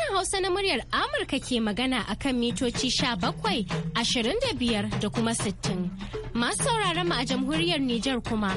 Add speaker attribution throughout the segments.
Speaker 1: Sashen Hausa na muryar Amurka ke magana a kan mitoci bakwai ashirin da biyar da kuma sittin Masu sauraron mu a jamhuriyar Nijar kuma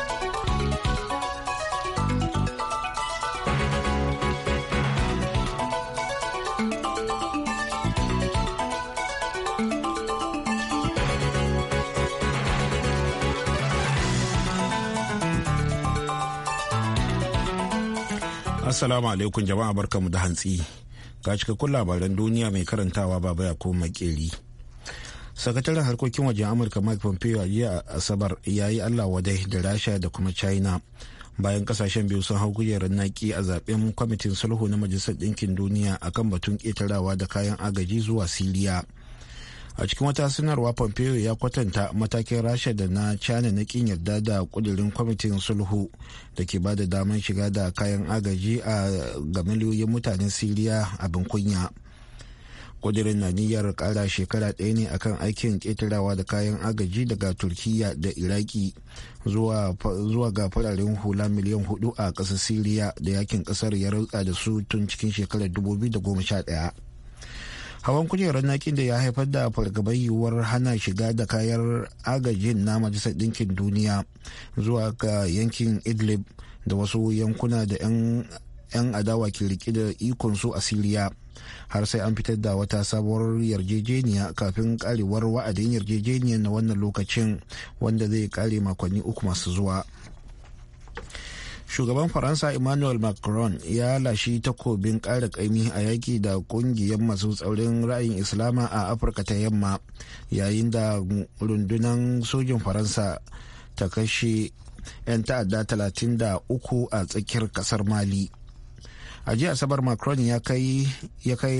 Speaker 2: Assalamu alaikum jama'a barkamu da hantsi. Ga cikakkun labaran duniya mai karantawa baba ya ko makeri. Sakataren harkokin wajen Amurka Mike Pompeo a jiya Asabar ya yi Allah wadai da Rasha da kuma China. Bayan kasashen biyu sun hau kujerar naki a zaben kwamitin sulhu na Majalisar Ɗinkin Duniya akan batun ƙetarawa da kayan agaji zuwa Siriya. a cikin wata sanarwa pompeo ya kwatanta matakin rasha da na china na kin yarda da kudirin kwamitin sulhu da ke ba da damar shiga da kayan agaji a ga miliyoyin mutanen siriya abin kunya kudirin na niyyar kara shekara ɗaya ne akan aikin ketarawa da kayan agaji daga turkiya da iraki zuwa ga fararen hula miliyan hudu a ƙasar siriya da yakin ƙasar ya rutsa da su tun cikin shekarar 2011 hawan kujerar nakin da ya haifar da fargabar yiwuwar hana shiga da kayan agajin na majalisar ɗinkin duniya zuwa ga yankin idlib da wasu yankuna da 'yan adawa ke rike da su a siriya har sai an fitar da wata sabuwar yarjejeniya kafin karewar wa'adin yarjejeniyar na wannan lokacin wanda zai kare makonni uku masu zuwa shugaban faransa emmanuel macron ya lashi takobin ƙara ƙaimi a yaki da kungiyar masu tsaurin ra'ayin islama a afirka ta yamma yayin da rundunar sojin faransa ta kashe 'yan ta'adda 33 a tsakiyar kasar mali a jiya asabar macron ya kai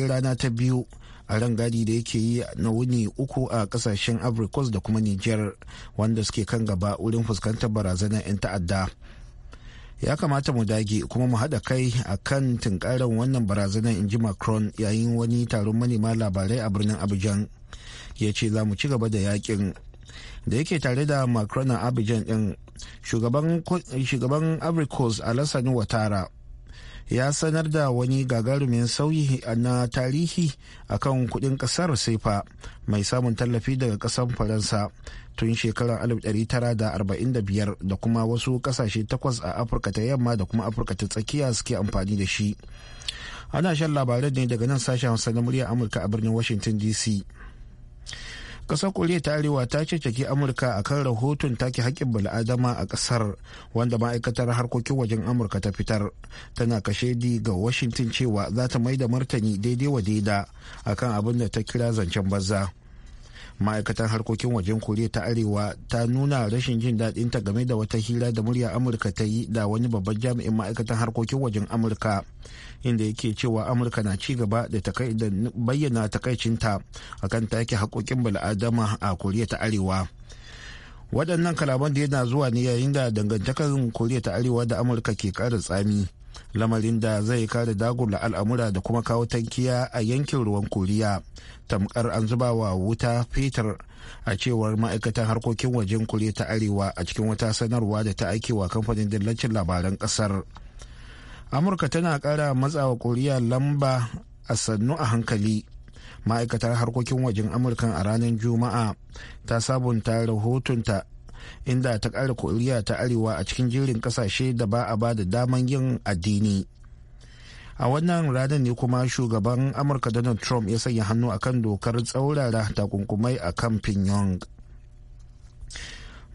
Speaker 2: rana ta biyu a rangadi da yake yi na wuni uku a kasashen Coast da kuma niger wanda suke kan gaba wurin fuskantar barazanar 'yan ta'adda ya kamata mu dage kuma mu haɗa kai a kan tunkarar wannan barazanar inji macron yayin wani taron manema labarai a birnin abidjan ya ce za mu ci gaba da yakin da yake tare da macron a abidjan din shugaban abricos alassani watara ya sanar da wani gagarumin sauyi na tarihi akan kudin kasar sefa mai samun tallafi daga kasar faransa tun shekarar 1945 da kuma wasu kasashe takwas a afirka ta yamma da kuma afirka ta tsakiya suke amfani da shi ana shan labarai ne daga nan sashen hausa na murya amurka a birnin washington dc kasar koriya ta arewa ta ceceki amurka akan rahoton take haƙƙin bala'adama a ƙasar wanda ma'aikatar harkokin wajen amurka ta fitar tana kashedi ga washington cewa za ta mai da martani daidai wa daida akan abin da ta kira zancen banza ma'aikatar harkokin wajen koriya ta arewa ta nuna rashin jin daɗin ta game da wata hira da murya amurka ta yi da wani babban jami'in ma'aikatan harkokin wajen amurka inda yake cewa amurka na ci gaba da bayyana takaicinta akan take haƙoƙin bala'adama a koriya ta arewa waɗannan kalaman da yana zuwa ne yayin da dangantakar koriya ta arewa da amurka ke ƙara tsami lamarin da zai kare dagula al'amura da kuma kawo tankiya a yankin ruwan koriya tamkar an zuba wa wuta fetur a cewar ma'aikatan harkokin wajen koriya ta arewa a cikin wata sanarwa da ta aike wa kamfanin dillancin labaran kasar amurka tana kara matsawa koriya lamba a sannu a hankali ma'aikatar harkokin wajen amurka a ranar juma'a ta sabunta rahotonta inda ta ƙara koriya ta arewa a cikin jirin ƙasashe da ba a ba da daman yin addini a wannan ranar ne kuma shugaban amurka donald trump ya sanya hannu a kan dokar tsaurara takunkumai a kan pyongyang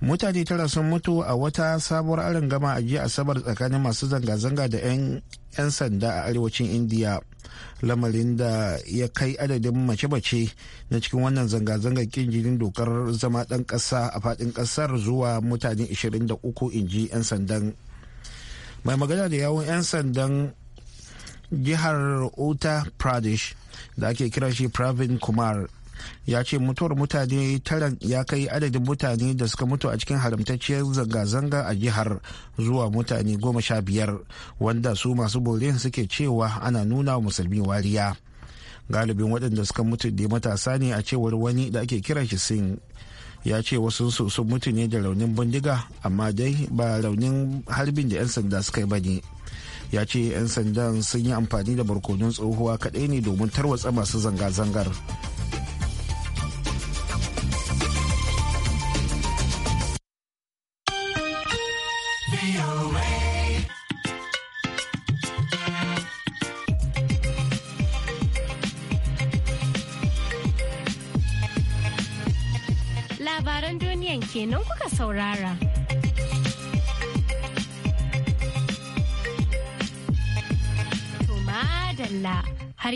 Speaker 2: mutane tara sun mutu a wata sabuwar arin gama a jiya asabar tsakanin masu zanga-zanga da 'yan sanda a arewacin indiya lamarin da ya kai adadin mace-mace na cikin wannan zanga-zangar kin jinin dokar zama ɗan ƙasa a faɗin ƙasar zuwa mutane 23 inji 'yan sandan mai magana da yawon 'yan sandan jihar uttar pradesh da ake kira shi pravin kumar ya ce mutuwar mutane taron ya kai adadin mutane da suka mutu a cikin haramtacciyar zanga-zanga a jihar zuwa mutane goma sha biyar wanda su masu bore suke cewa ana nuna musulmi wariya galibin waɗanda suka mutu da matasa ne a cewar wani da ake kira shi sin ya ce wasu su sun mutu ne da raunin bindiga amma dai ba raunin harbin da 'yan sanda suka yi ba ne ya ce 'yan sandan sun yi amfani da barkonon tsohuwa kaɗai ne domin tarwatsa masu zanga-zangar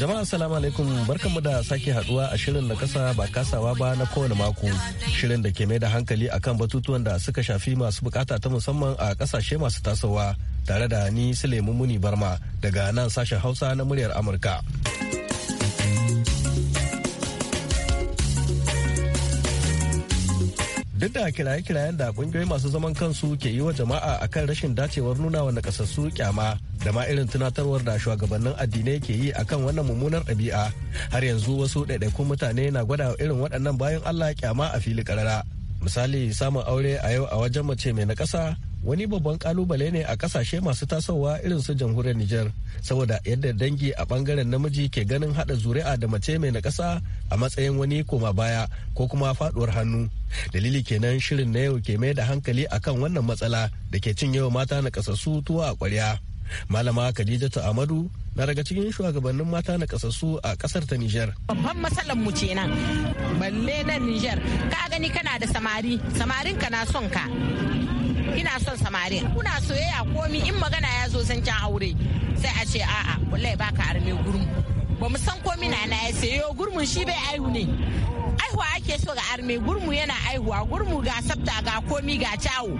Speaker 3: Jama'a salamu alaikum barkanmu da sake haduwa a shirin da kasa ba kasawa ba na kowane mako. Shirin da ke mai da hankali akan batutuwan da suka shafi masu bukata ta musamman a kasashe masu tasowa tare da ni Suleiman Muni Barma daga nan sashen Hausa na muryar Amurka. duk da kiraye-kirayen da ƙungiyoyi masu zaman kansu ke yi wa jama'a akan rashin dacewar nuna wa nakasassu kyama da ma irin tunatarwar da shugabannin addinai ke yi akan wannan mummunar ɗabi'a har yanzu wasu ɗaiɗaikun mutane na gwada irin waɗannan bayan allah kyama a fili karara misali samun aure a yau a wajen mace mai nakasa wani babban kalubale ne a kasashe masu tasowa irin su jamhuriyar Nijar saboda yadda dangi a bangaren namiji ke ganin hada zuri'a da mace mai na kasa a matsayin wani koma baya ko kuma faduwar hannu dalili kenan shirin na yau ke mai da hankali akan wannan matsala da ke cin yawa mata na kasassu tuwa a kwarya malama khadijatu amadu na daga cikin shugabannin mata na kasassu a kasar ta Nijar.
Speaker 4: Babban matsalar mu kenan balle na Nijar ka gani kana da samari samarin ka na son ka ina son samari kuna soyayya komi in magana ya zo san can aure sai a ce a'a wallahi baka arme gurmu ba mu san komi na na ya sayo gurmun shi bai aihu ne aihuwa ake so ga arme gurmu yana aihuwa gurmu ga sabta ga komi ga cawo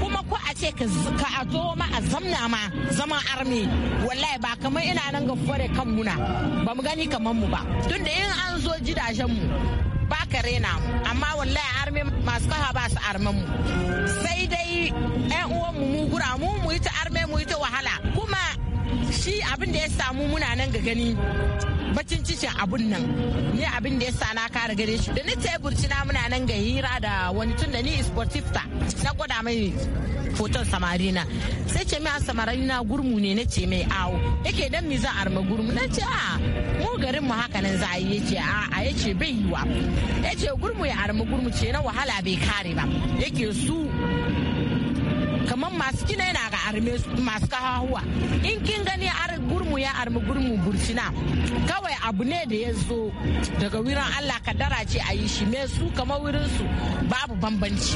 Speaker 4: kuma ko a ce ka a zo ma a zamna ma zama arme wallahi ba kamar ina nan ga fure kan muna ba mu gani kamar mu ba tunda in an zo gidajen mu ba ka rena amma wallahi arme masu kafa ba su armen mu sai dai 'yan mu mu gura mu mu yi ta arme mu yi ta wahala kuma shi abin da ya samu muna nan ga gani bacin cikin abun nan ni abin da ya sa na kare gare shi da ni teburci na muna nan ga hira da wani tun da ni sportifta na gwada mai hoton samarina sai ce mai samarina gurmu ne na ce mai awo yake dan mi za a arma gurmu na ce a mu garin mu haka nan za a yi a a yace bai yi wa yace gurmu ya arma gurmu ce na wahala bai kare ba yake su kamar masu kina yana ga arme masu kahahuwa in kin gani ar gurmu ya armi gurmu burkina kawai abu ne da ya zo daga wurin allah kadara ce a yi shi me su kamar wurin su babu bambanci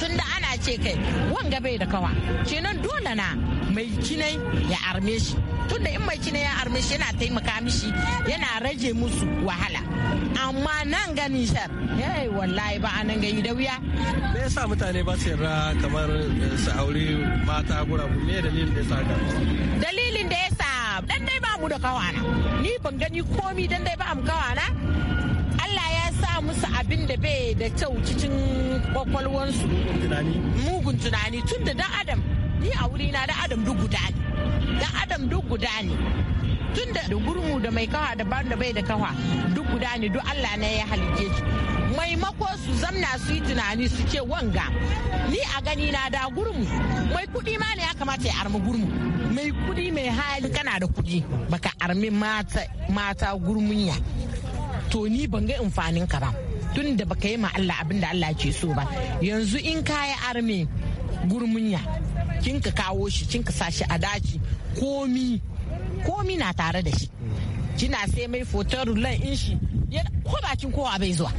Speaker 4: tunda ce kai wanga bai da kawa kenan dole na mai kinai ya arme shi tunda in mai kinai ya arme shi yana taimaka mishi yana rage musu wahala amma nan ganin shar yai eh, wallahi ba anan gani da wuya me
Speaker 3: yasa mutane ba su yarda kamar eh, su aure mata gurabu me dalilin da yasa
Speaker 4: dalilin da yasa dan dai ba mu da kawana ni ban gani komi dan dai ba am kawana musu abin da bai da kyau cikin kwakwalwansu mugun tunani tun da dan adam ni a wuri na dan adam duk guda ne dan adam duk guda ne tun da gurmu da mai kawa da da bai da kawa duk guda ne duk Allah ne ya halice shi maimako su zamna su yi tunani su ce wanga ni a gani na da gurmu mai kudi ma ne ya kamata ya armi gurmu mai kudi mai hali kana da kudi baka armi mata mata gurmunya to ni ban ga amfanin ka ba tun da baka yi ma Allah abin da Allah ke so ba yanzu in ka yi arme gurmunya kin ka kawo shi kin ka sashi a daki komi komi na tare da shi kina sai mai fotar rulan in shi ko bakin kowa bai zuwa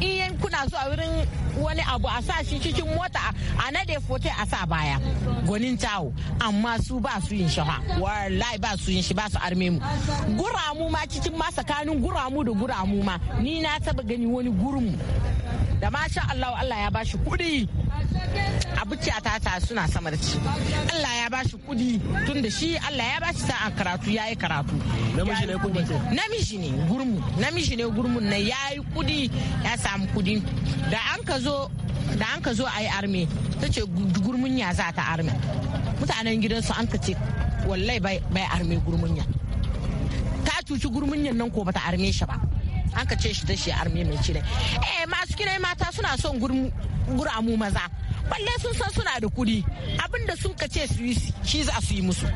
Speaker 4: in kuna a wurin wani abu a sa shi cikin mota a nade fote a sa baya gwanin tawo amma su ba su yin ha wallahi ba su yin shi ba su arme mu guramu ma cikin ma tsakanin guramu da guramu ma ni na taba gani wani gurmu da masha Allah Allah ya bashi kuɗi abuci a tata suna samarci. ci Allah ya bashi kudi tun da shi Allah ya bashi sa'an karatu ya yi karatu namiji ne kuma namiji ne gurmu namiji ne na ya yi kudi ya samu kudi da an ka zo da an ka zo a yi arme ta ce gurmun ya za ta arme mutanen gidansu an ka ce wallai bai arme gurmunya ta cuci gurmunyan nan ko bata arme shi ba an ka ce shi da shi arme mai cire eh masu kirai mata suna son mu maza balle sun san suna da kuɗi abin da sun kace su yi shi za su yi musu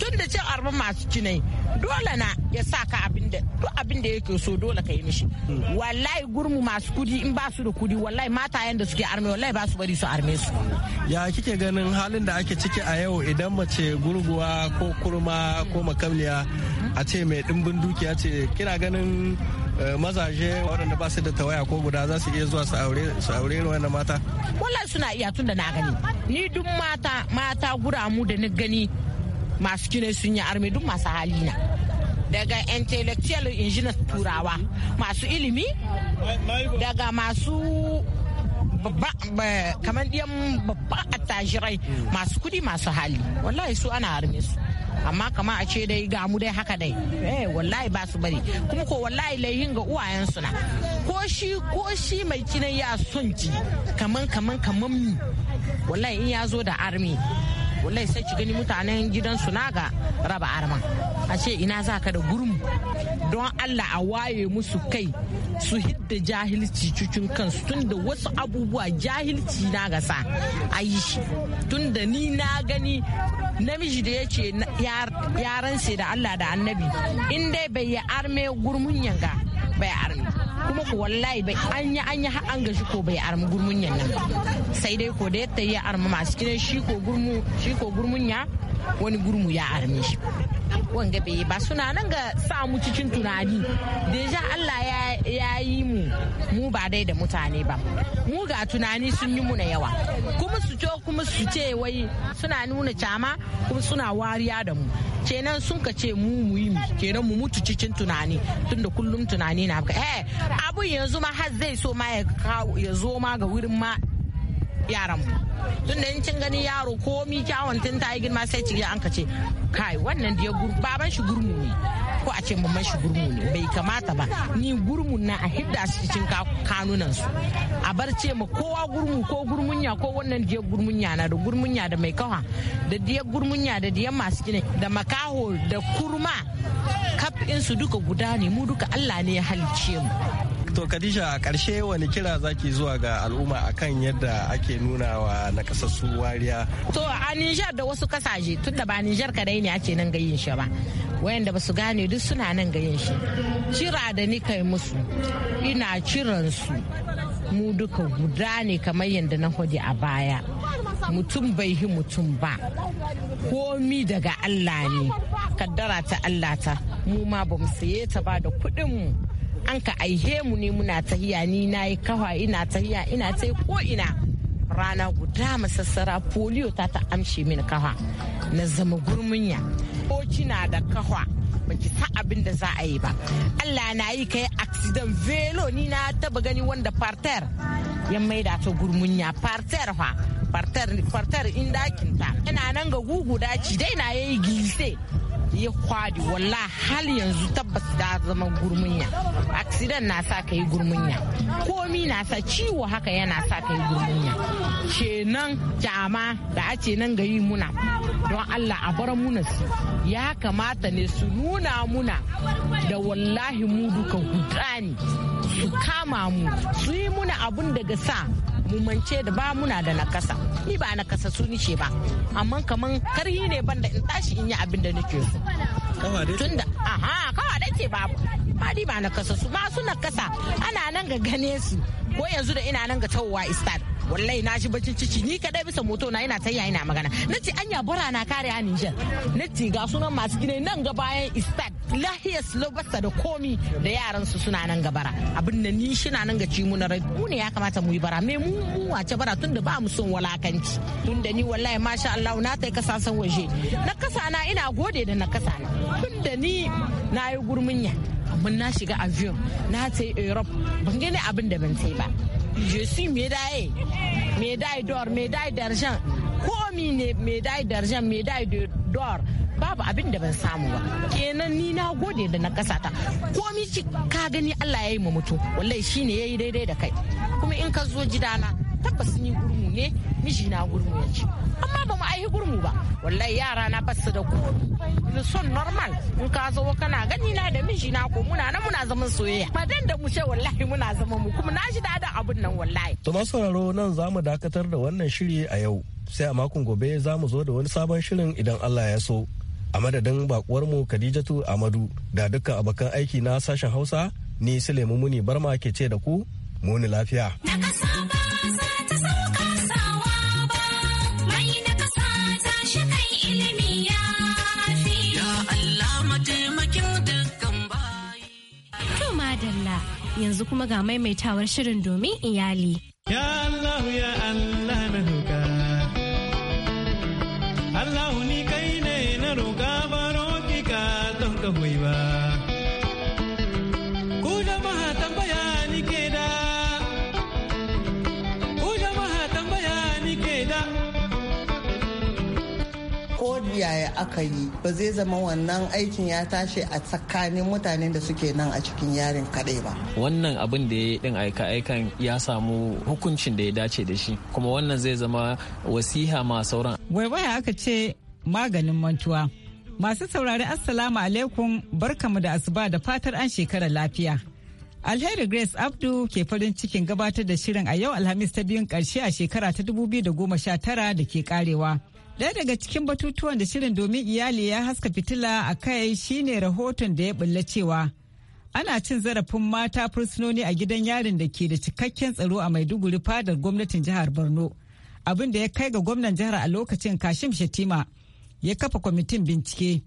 Speaker 4: tun da cin arba masu cinai dole na ya sa ka abin da duk abin da yake so dole ka yi mishi wallahi gurmu masu kuɗi in ba su da kuɗi wallahi mata yanda suke arme wallahi ba su bari su arme su
Speaker 3: ya kike ganin halin da ake ciki a yau idan mace gurguwa ko kurma ko makamliya a ce mai dimbin dukiya ce kina ganin eh, mazaje waɗanda ba su da tawaya ko guda za su iya zuwa su aure su wannan mata
Speaker 4: wallahi suna iya tun da na gani ni duk mata mata guramu da ni gani masu kine sun yi arme duk masu hali na daga intellectual engineer turawa masu ilimi daga masu kamar diyan babban attajirai masu kudi masu hali wallahi su ana harme su amma kama a ce dai ga mu dai haka dai eh wallahi ba su bari kuma ko wallahi laihin ga uwayen su na ko shi ko shi mai kinan ya son ji kaman kaman kaman mi wallahi in ya zo da army wallahi sai ki gani mutanen gidansu na ga raba arma. a ce ina za ka da gurum don allah a waye musu kai su hidda jahilci cikin kansu tun da wasu abubuwa jahilci na gasa a yi shi tun da ni na gani namiji da ya ce yaran sai da Allah da annabi in dai bai yi arme gurmun yanga bai arme kuma ko wallahi bai an yi an yi har an gashi ko bai arme gurmun yanga sai dai ko da yadda ya arme masu kiran shi ko shi ko gurmun ya wani gurmu ya arme shi wanga bai ba suna nan ga sa mu cikin tunani deja Allah ya yi mu mu ba dai da mutane ba mu ga tunani sun yi mu na yawa kuma su ce kuma su ce wai suna nuna cama kuma suna wariya da mu kenan sun ka ce mu mu yi kenan mu mutu cikin tunani tunda kullum tunani na abu eh abun yanzu ma har zai so ma ya zo ma ga wurin ma yaranmu da in cin gani yaro komi kyawun tun ta yi girma sai ci an ka kai wannan da ya baban shi gurmu ne ko a ce mamman shi gurmu ne bai kamata ba ni gurmu na a hidda su cikin kanunan su a bar ce ma kowa gurmu ko gurmunya ko wannan ya gurmunya na da gurmunya da mai kawa da ya gurmunya da da masu gine da makaho da kurma kaf su duka guda ne mu duka Allah ne ya halice mu
Speaker 3: To kadija a ƙarshe wani kira zaki zuwa ga al'umma akan yadda ake nuna wa nakasassu wariya.
Speaker 4: To a Nijar da wasu kasashe tun da ba Nijar kadai ne ake nan gayin shi ba. Wayanda ba su gane duk suna nan gayin shi. Cira da ni kai musu. Ina ciran su. Mu duka guda ne kamar yadda na hodi a baya. Mutum bai hi mutum ba. Komi daga Allah ne. Kaddara ta Allah ta. Mu ma ba mu saye ta ba da mu. an ka aihe mu ne muna tahiya ni na yi kawa ina tahiya ina ta ko ina rana guda masassara polio ta ta amshe min kawa na zama gurmunya ko kina da kawa baki san abin da za a yi ba Allah na yi kai accident velo ni na taba gani wanda parter ya maida ta gurmunya parter fa parter parter in dakin ta ina nan ga gugu daci dai na yayi gilse ya kwadi walla hal yanzu tabbas da zama gurmunya accident na sa ka yi gurmunya komi na sa ciwo haka yana sa ka yi gurmunya kenan jama da a ce nan yi muna don allah a bar muna ya kamata ne su nuna muna da wallahi mu duka hudani su kama mu su yi muna abun daga sa umance da ba muna da nakasa ni ba nakasa su ni ce ba amma kaman karhi ne banda in tashi in yi abin da nake so tunda aha kawa ke babu ba ni ba nakasa su ba su nakasa ana nan ga gane su ko yanzu da ina nan ga tawowa istar wallahi na shi bacin cici ni kadai bisa moto na ina tayya ina magana nace anya bara na kare a Niger nace ga sunan masu gine nan ga bayan istar lahiya lahiyar slobarsa da komi da yaran su suna nan gabara abin da ni shi na nan ga ci mu na rai ne ya kamata mu yi bara me mu wace bara tunda ba mu son walakanci da ni wallahi masha Allah na ta kasa san waje na kasa na ina gode da na kasa na tun da ni na yi gurminya amma na shiga avion na ta Europe ban gani abin da ban tai ba je suis médaillé médaille d'or médaille d'argent komi ne médaille d'argent médaille d'or babu abin da ban samu ba kenan ni na gode da na kasa ta komi ka gani Allah ya yi ma mutum wallahi shine yayi daidai da kai kuma in ka zo gidana tabbas sun yi gurmu ne mijina gurmu ya ci amma ba mu aihi gurmu ba wallahi yara na basu da ku ni son normal in ka zo kana gani na da mijina ko muna nan muna zaman soyayya dan da mu ce wallahi muna zaman mu kuma na ji dadin abun nan wallahi
Speaker 3: to masu sauraro nan za mu dakatar da wannan shiri a yau sai a makon gobe za mu zo da wani sabon shirin idan Allah ya so a madadin bakuwar mu Khadijatu Amadu da dukkan abokan aiki na sashen Hausa ni Sulaimu Muni Barma ke ce da ku muni lafiya.
Speaker 1: yanzu kuma ga maimaitawar shirin domin iyali. Ya
Speaker 3: Allah ya Allah.
Speaker 5: yaya aka yi ba zai zama wannan aikin ya tashi a tsakanin mutanen da suke nan a cikin yarin kaɗai ba
Speaker 6: wannan abin da ya yi din aika aikan ya samu hukuncin da ya dace da shi kuma wannan zai zama wasiha ma sauran
Speaker 7: waiwaya aka ce maganin mantuwa masu saurari assalamu alaikum barkamu da asuba da fatar an shekara lafiya Alheri Grace Abdu ke farin cikin gabatar da shirin a yau Alhamis ta biyun karshe a shekara ta 2019 da ke karewa. Daya daga cikin batutuwan da shirin domin iyali ya haska fitila a kai shine rahoton da ya bulla cewa ana cin zarafin mata fursunoni a gidan yarin da ke da cikakken tsaro a Maiduguri fadar gwamnatin jihar Borno. Abin da ya kai ga gwamnan jihar a lokacin Kashim Shatima ya kafa kwamitin bincike.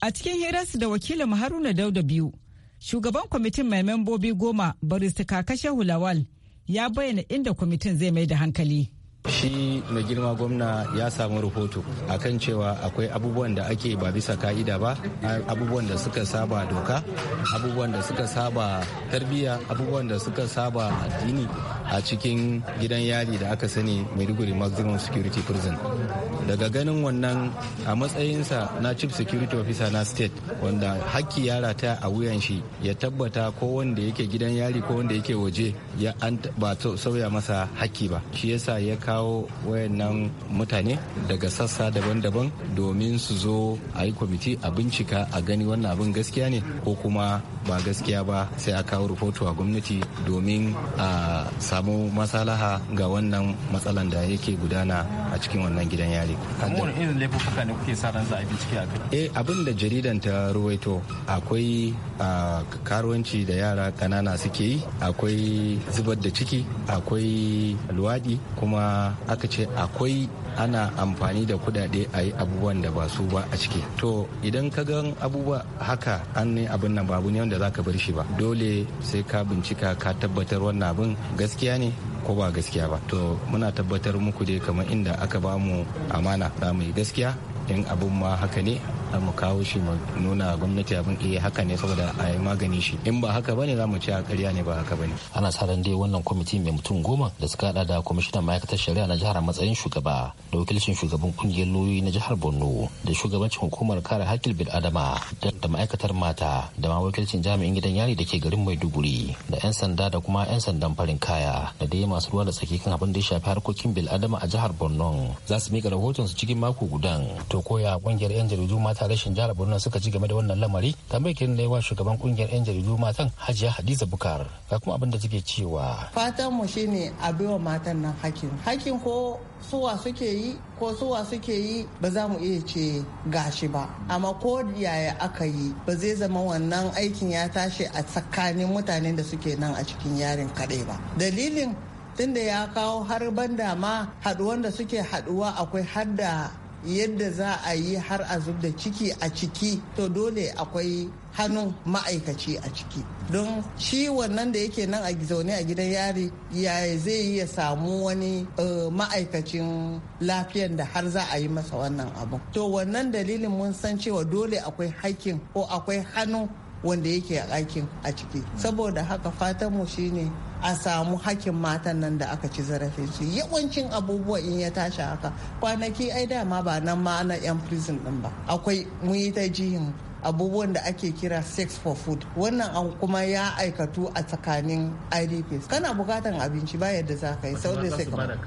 Speaker 7: A cikin hirarsu da wakilin Haruna Dauda biyu, shugaban kwamitin mai membobi goma barista kakashe Hulawal ya bayyana inda kwamitin zai mai da hankali.
Speaker 8: Shi mai girma gwamna ya samu rahoto akan cewa akwai abubuwan da ake ba bisa ka'ida ba, abubuwan da suka saba doka, abubuwan da suka saba tarbiyya, abubuwan da suka saba addini a cikin gidan yari da aka sani Maiduguri Maximum Security Prison. Daga ganin wannan a matsayinsa na Chief Security Officer na State wanda hakki ya rata a wuyan shi ya tabbata ko wanda yake gidan yari ko wanda yake waje ya an ba sauya masa hakki ba. Shi yasa ya ka kawo wayannan mutane daga sassa daban-daban domin su zo a yi kwamiti a bincika a gani wannan abin gaskiya ne ko kuma ba gaskiya ba sai a kawo rahoto a gwamnati domin a samu masalaha ga wannan matsalan da yake gudana a cikin wannan gidan yari. Eh, abin da jaridan ta ruwaito akwai karuwanci da yara kanana suke yi akwai zubar da ciki akwai luwaɗi kuma aka ce akwai ana amfani da kudade a yi abubuwan da ba su ba a ciki to idan ka ga abubuwa haka an ne abin nan babu ne wanda za ka bar shi ba dole sai ka bincika ka tabbatar wannan abin gaskiya ne ko ba gaskiya ba to muna tabbatar muku dai kamar inda aka bamu amana za mu yi gaskiya in abin ma haka ne mu kawo shi mu nuna gwamnati abin iya eh, haka ne saboda a yi magani shi in ba haka bane za mu ci a karya ne ba haka bane
Speaker 6: ana sa ran dai wannan kwamiti mai mutum goma da suka hada da kwamishinan ma'aikatar shari'a na jihar matsayin shugaba da wakilcin shugaban kungiyar lauyoyi na jihar borno da shugabancin hukumar kare hakkin bil adama da ma'aikatar mata da ma wakilcin jami'in gidan yari da ke garin maiduguri da 'yan sanda da kuma 'yan sandan farin kaya da dai masu ruwa da tsaki kan abin da ya shafi harkokin bil adama a jihar borno za su mika rahoton su cikin mako gudan to koya kungiyar 'yan jaridu mata reshen jihar borno suka ji game da wannan lamari tambayar kirin ne wa shugaban kungiyar yan jaridu matan hajiya hadiza bukar ga kuma abin da take cewa
Speaker 5: fatan mu shine a biwa matan nan hakkin hakkin ko suwa suke yi ko suwa suke yi ba za mu iya ce gashi ba amma ko yaya aka yi ba zai zama wannan aikin ya tashi a tsakanin mutanen da suke nan a cikin yarin kaɗai ba dalilin tunda ya kawo har banda ma haɗuwan da suke haɗuwa akwai har da yadda za a yi har a zub da ciki a ciki to dole akwai hannu ma'aikaci a ciki don shi wannan da yake nan a zaune a gidan yari ya zai yi ya samu wani eh, ma'aikacin lafiyan da har za a yi masa wannan abu to wannan dalilin mun san cewa dole akwai hakkin ko akwai hannu wanda yake a aikin a ciki saboda haka fatan mu shine a samu hakkin matan nan da aka ci zarafin su yawancin abubuwa in ya tashi haka kwanaki ai dama ba nan ma na yan prison din ba akwai mun yi ta jihin abubuwan da ake kira sex for food wannan an kuma ya aikatu a tsakanin idps kana bukatan abinci ba yadda za ka yi da sai kamar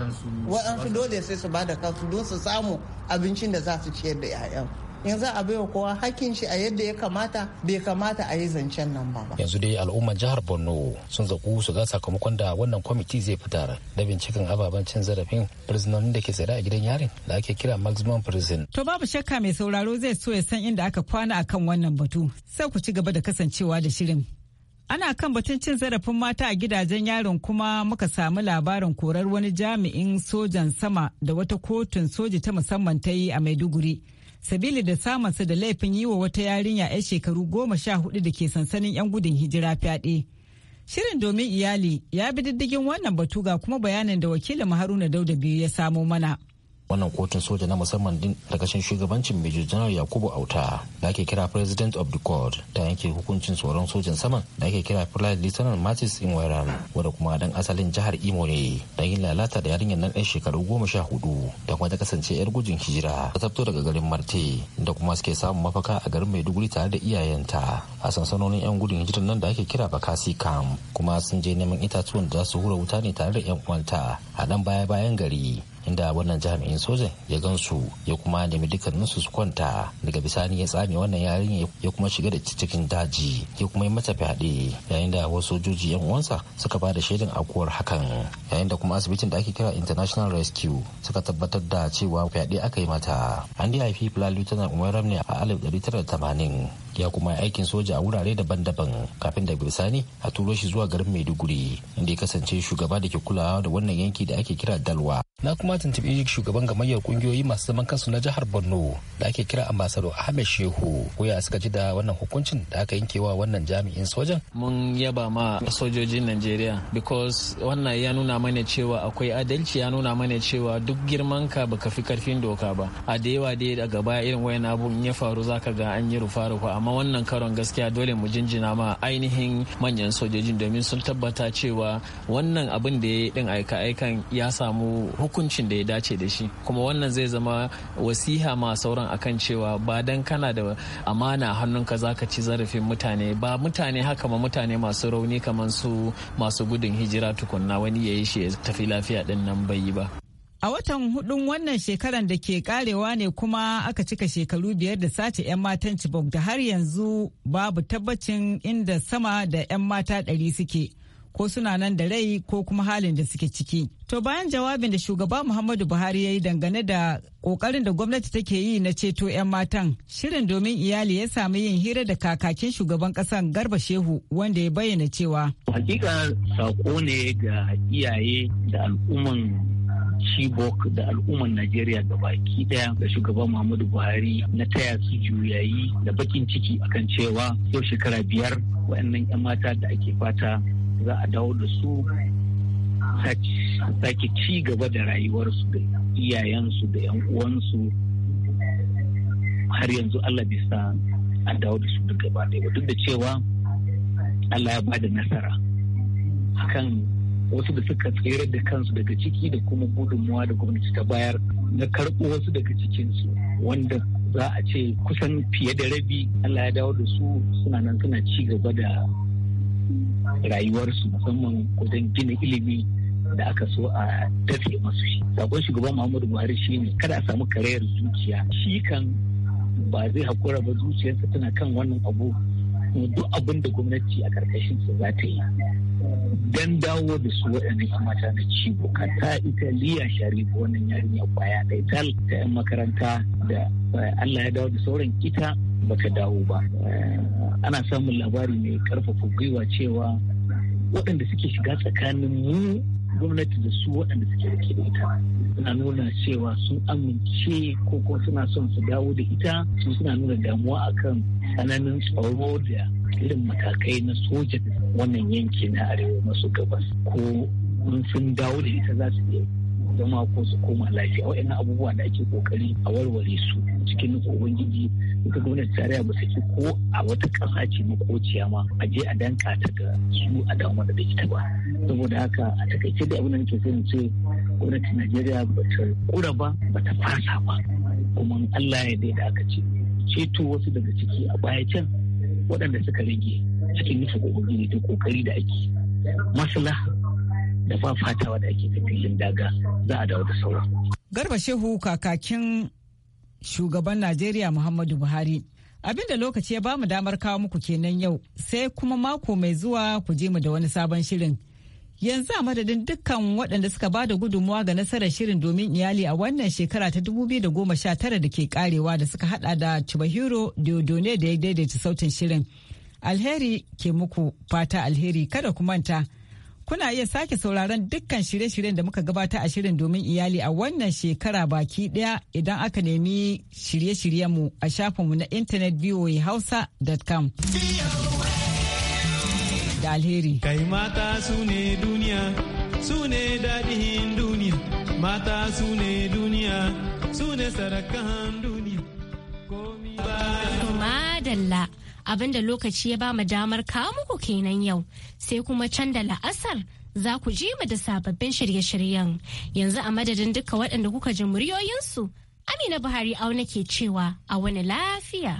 Speaker 5: waɗansu dole sai su ba da kansu don su samu abincin da za su ciyar da 'ya'yan yanzu za a baiwa kowa hakkin shi a yadda ya kamata bai kamata a yi zancen nan ba yanzu
Speaker 6: dai al'ummar jihar borno sun zaku su ga sakamakon da wannan kwamiti zai fitar da binciken ababen cin zarafin prisonerin da ke tsada a gidan yarin da ake kira maximum prison
Speaker 7: to babu shakka mai sauraro zai so ya san inda aka kwana akan wannan batu sai ku ci gaba da kasancewa da shirin ana kan batun cin zarafin mata a gidajen yaron kuma muka samu labarin korar wani jami'in sojan sama da wata kotun soji ta musamman ta yi a maiduguri sabili da samunsa da laifin yi wa wata yarinya 'yar shekaru goma sha hudu da ke sansanin 'yan gudun hijira fyaɗe. Shirin domin iyali ya bi diddigin wannan batu ga kuma bayanin da wakilin Haruna Dauda biyu ya samo mana.
Speaker 6: wannan kotun soja na musamman din karkashin shugabancin major general yakubu auta da ake kira president of the court ta yanke hukuncin tsoron sojan saman da ake kira flight lieutenant matis inwaran wadda kuma dan asalin jihar imo ne da yin lalata da yarinyar nan yan shekaru goma sha hudu da kuma ta kasance yar gujin hijira ta tafto daga garin marte da kuma suke samun mafaka a garin maiduguri tare da iyayenta a sansanonin yan gudun hijirar nan da ake kira bakasi kam kuma sun je neman itatuwan da za su hura wuta ne tare da yan uwanta a dan baya-bayan gari inda wannan jami'in sojan ya gansu ya kuma nemi dukkaninsu su su kwanta daga bisani ya tsame wannan yarinya ya kuma shiga da cikin daji ya kuma yi mata fyaɗe yayin da wasu sojoji yan uwansa suka ba da shaidan akuwar hakan yayin da kuma asibitin da ake kira international rescue suka tabbatar da cewa fyaɗe aka yi mata an dai haifi fila lieutenant umar ne a alif ɗari tara da tamanin ya kuma yi aikin soja a wurare daban-daban kafin da bisani a turo shi zuwa garin maiduguri inda ya kasance shugaba da ke kulawa da wannan yanki da ake kira dalwa na kuma tuntuɓi shugaban gamayyar kungiyoyi masu zaman kansu na jihar borno da ake kira ambasado ahmed shehu ko ya suka ji da wannan hukuncin da aka yanke wa wannan jami'in sojan mun yaba ma sojojin najeriya because wannan ya nuna mana cewa akwai adalci ya nuna mana cewa duk girman ka baka fi karfin doka ba a da yawa dai daga baya irin wayan abu in ya faru zaka ga an yi rufa rufa amma wannan karon gaskiya dole mu jinjina ma ainihin manyan sojojin domin sun tabbata cewa wannan abin da ya yi din aika aikan ya samu hukuncin da ya dace da shi kuma wannan zai zama wasiha ma sauran akan cewa ba dan kana da amana hannunka zaka ci zarafin mutane ba mutane haka ma mutane masu rauni kamar su masu gudun hijira tukunna wani ya yi shi ya tafi lafiya din nan bai ba
Speaker 7: A watan hudun wannan shekaran da ke karewa ne kuma aka cika shekaru biyar da sace 'yan matan Chibok da har yanzu babu tabbacin inda sama da 'yan mata ɗari suke. ko suna nan da rai ko kuma halin da suke ciki. To bayan jawabin da shugaba Muhammadu Buhari ya yi dangane da kokarin da gwamnati take yi na ceto 'yan matan, shirin domin iyali ya sami yin hira da kakakin shugaban kasan Garba Shehu wanda ya bayyana cewa.
Speaker 9: Hakika sako ne ga iyaye da al'umman Chibok da al'umman Najeriya baki ɗaya da shugaban Muhammadu Buhari na taya su juyayi da bakin ciki akan cewa yau shekara biyar waɗannan 'yan mata da ake fata za a dawo da su sake ci gaba da rayuwarsu da iyayensu da 'yan uwansu har yanzu Allah bisa a dawo da su da gaba ɗaya duk da cewa Allah ya bada nasara akan wasu da suka tsere da kansu daga ciki da kuma gudunmuwa da gwamnati ta bayar na karɓo wasu daga cikinsu wanda za a ce kusan fiye da rabi Allah ya dawo da su suna nan suna ci gaba da rayuwarsu musamman wajen gina ilimi da aka so a dafe masu shi sakon shugaban muhammadu buhari shi ne, kada a samu karayar zuciya shi kan ba zai haƙura ba zuciyarsa tana kan wannan abu duk abin da gwamnati a ƙarƙashinsa za ta yi don dawo da su waɗannan 'yan mata na cibo kanta italiya sharif wannan yarinya kwaya da tal ta 'yan makaranta da eh, allah ya dawo da sauran ita baka dawo ba eh, ana samun labari mai karfafa gwiwa cewa waɗanda suke shiga tsakanin mu gwamnati da su waɗanda suke da da ita suna nuna cewa sun amince ko kuma suna son su dawo da ita su suna nuna damuwa akan tsananin tsaro da irin matakai na soja wannan yanki na arewa masu gabas ko sun dawo da ita za su iya zama ko su koma lafiya wa'in abubuwa da ake kokari a warware su cikin ubangiji ita gwamnati tarayya ba saki ko a wata ƙasa ce makociya ma a je a danka ta ga su a damu da ita ba saboda haka a takaice da abin da nake son ce gwamnatin najeriya ba ta kura ba ba ta fasa ba kuma allah ya da aka ce ceto wasu daga ciki a baya can waɗanda suka rage cikin nufin ne ta kokari da ake maslaha da ba fatawa da ake filin daga za a dawo da sauran.
Speaker 7: Garba Shehu kakakin shugaban Najeriya Muhammadu Buhari. Abinda lokaci ya bamu damar kawo muku kenan yau sai kuma mako mai zuwa ku je mu da wani sabon shirin. Yanzu a madadin dukkan waɗanda suka ba da gudunmuwa ga nasarar shirin domin iyali a wannan shekara ta 2019 da ke karewa da suka hada da Chibahiro Diodone da ya daidaita sautin shirin. Alheri ke muku fata alheri kada ku manta. Kuna iya sake sauraron dukkan shirye-shiryen da muka gabata a shirin domin iyali a wannan shekara baki ɗaya idan aka nemi shirye-shiryenmu a shafinmu na intanet voahausa.com. da alheri. Kai
Speaker 8: mata su ne
Speaker 7: duniya, su ne daɗin duniya,
Speaker 8: mata su ne duniya, su ne sarakan duniya.
Speaker 1: Madalla abinda lokaci ya ba mu damar kawo muku kenan yau, sai kuma can da la'asar za ku ji mu da sababbin shirye-shiryen. Yanzu a madadin duka waɗanda kuka ji muryoyinsu, Amina Buhari auna ke cewa a wani lafiya.